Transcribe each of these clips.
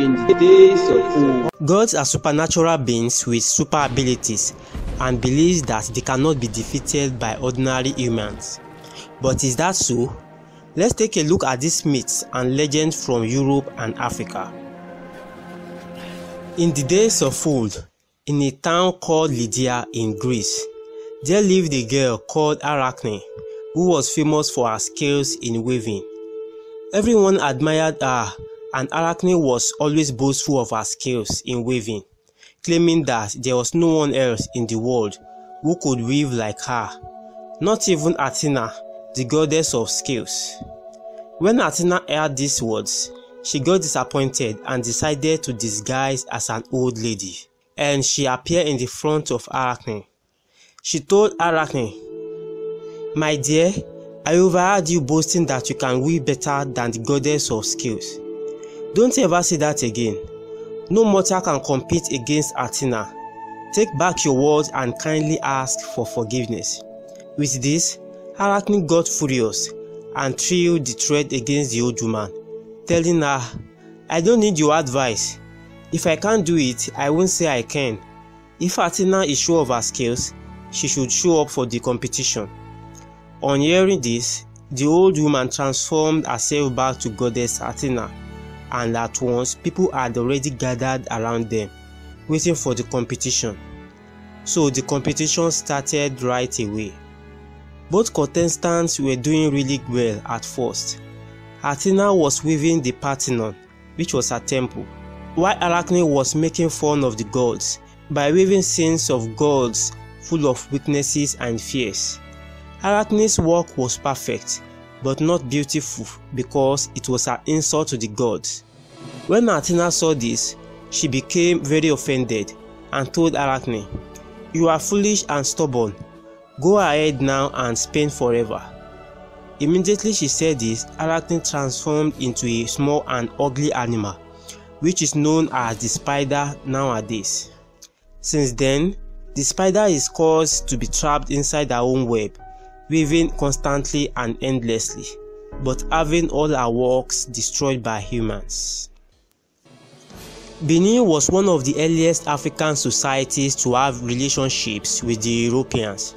in the days of old. Gods are supernatural beings with super abilities and believes that they cannot be defeated by ordinary humans. But is that so? Let's take a look at these myths and legends from Europe and Africa. In the days of old, in a town called Lydia in Greece, there lived a girl called Arachne who was famous for her skills in weaving. Everyone admired her and Arachne was always boastful of her skills in weaving, claiming that there was no one else in the world who could weave like her, not even Athena, the goddess of skills. When Athena heard these words, she got disappointed and decided to disguise as an old lady, and she appeared in the front of Arachne. She told Arachne, My dear, I overheard you boasting that you can weave better than the goddess of skills. Don't ever say that again. No mortal can compete against Athena. Take back your words and kindly ask for forgiveness. With this, Arachne got furious and threw the thread against the old woman, telling her, I don't need your advice. If I can't do it, I won't say I can. If Athena is sure of her skills, she should show up for the competition. On hearing this, the old woman transformed herself back to goddess Athena and at once people had already gathered around them, waiting for the competition. So the competition started right away. Both contestants were doing really well at first. Athena was weaving the Parthenon, which was her temple, while Arachne was making fun of the gods by weaving scenes of gods full of weaknesses and fears. Arachne's work was perfect but not beautiful because it was an insult to the gods. When Martina saw this, she became very offended and told Arachne, You are foolish and stubborn. Go ahead now and spend forever. Immediately she said this, Arachne transformed into a small and ugly animal, which is known as the spider nowadays. Since then, the spider is caused to be trapped inside her own web weaving constantly and endlessly, but having all our works destroyed by humans. Benin was one of the earliest African societies to have relationships with the Europeans.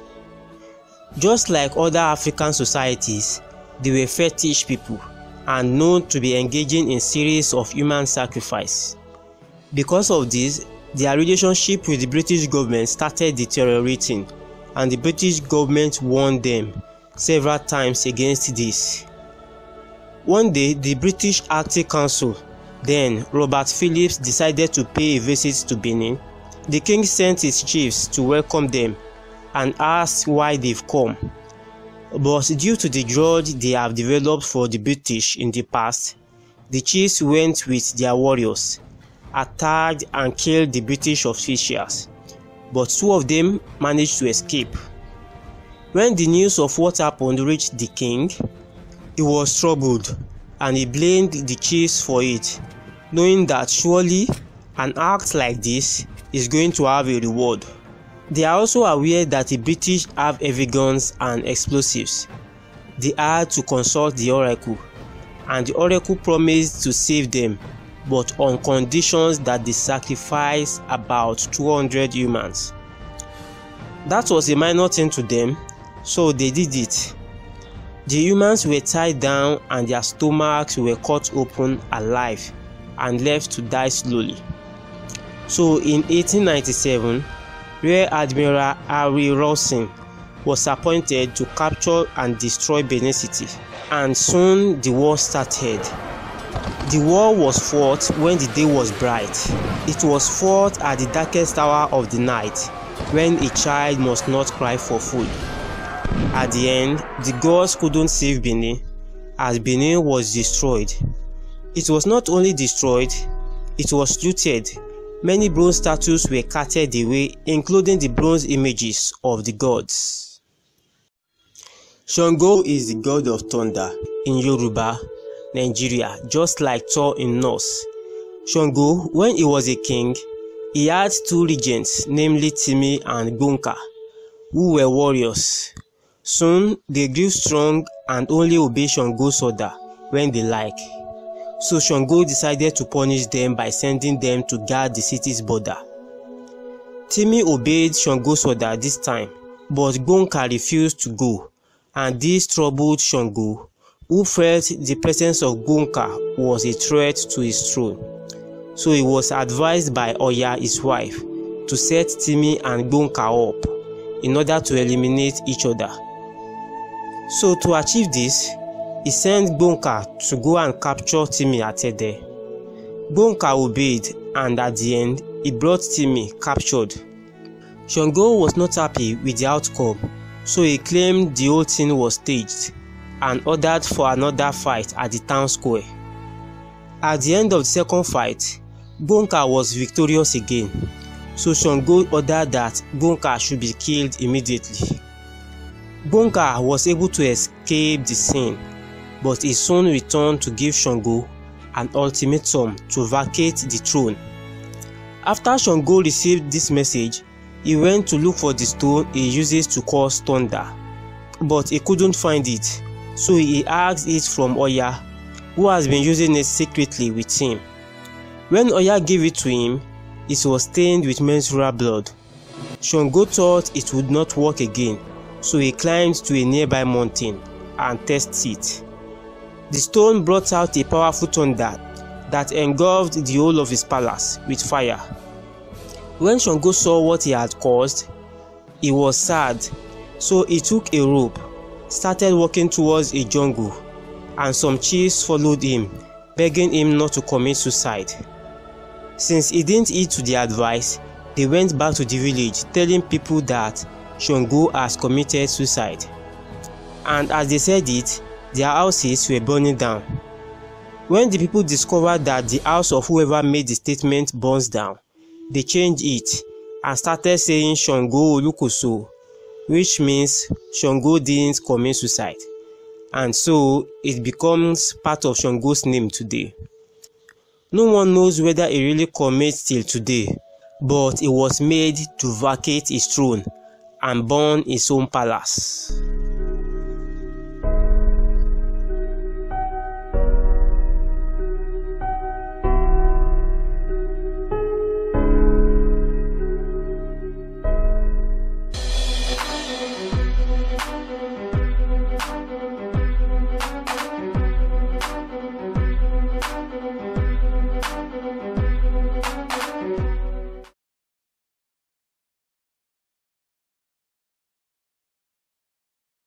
Just like other African societies, they were fetish people and known to be engaging in series of human sacrifice. Because of this, their relationship with the British government started deteriorating and the British government warned them several times against this. One day, the British Arctic Council, then Robert Phillips, decided to pay a visit to Benin. The king sent his chiefs to welcome them and asked why they've come. But due to the grudge they have developed for the British in the past, the chiefs went with their warriors, attacked and killed the British officials but two of them managed to escape. When the news of what happened reached the king, he was troubled and he blamed the chiefs for it, knowing that surely an act like this is going to have a reward. They are also aware that the British have heavy guns and explosives. They had to consult the oracle, and the oracle promised to save them but on conditions that they sacrifice about 200 humans. That was a minor thing to them, so they did it. The humans were tied down and their stomachs were cut open alive and left to die slowly. So in 1897, Rear Admiral Harry Rawson was appointed to capture and destroy Benin City, and soon the war started. The war was fought when the day was bright. It was fought at the darkest hour of the night, when a child must not cry for food. At the end, the gods couldn't save Benin, as Benin was destroyed. It was not only destroyed, it was looted. Many bronze statues were carted away, including the bronze images of the gods. Shango is the god of thunder in Yoruba Nigeria, just like Thor in Norse. Shango, when he was a king, he had two regents, namely Timi and Gonka, who were warriors. Soon, they grew strong and only obeyed Shango's order when they like. So Shango decided to punish them by sending them to guard the city's border. Timi obeyed Shango's order this time, but Gonka refused to go, and this troubled Shango, who felt the presence of Gunka was a threat to his throne. So he was advised by Oya, his wife, to set Timmy and Gunka up in order to eliminate each other. So to achieve this, he sent Gunka to go and capture Timmy at Ede. Gunka obeyed and at the end, he brought Timmy captured. Shango was not happy with the outcome, so he claimed the whole thing was staged and ordered for another fight at the town square. At the end of the second fight, Bunka was victorious again, so Shango ordered that Bunka should be killed immediately. Bunka was able to escape the scene, but he soon returned to give Shango an ultimatum to vacate the throne. After Shango received this message, he went to look for the stone he uses to cause thunder, but he couldn't find it so he asked it from Oya, who has been using it secretly with him. When Oya gave it to him, it was stained with menstrual blood. Shango thought it would not work again, so he climbed to a nearby mountain and tested it. The stone brought out a powerful thunder that engulfed the whole of his palace with fire. When Shango saw what he had caused, he was sad, so he took a rope started walking towards a jungle, and some chiefs followed him, begging him not to commit suicide. Since he didn't heed to their advice, they went back to the village telling people that Shango has committed suicide. And as they said it, their houses were burning down. When the people discovered that the house of whoever made the statement burns down, they changed it and started saying Shango Olukoso which means Shango didn't commit suicide, and so it becomes part of Shango's name today. No one knows whether he really commits till today, but he was made to vacate his throne and burn his own palace.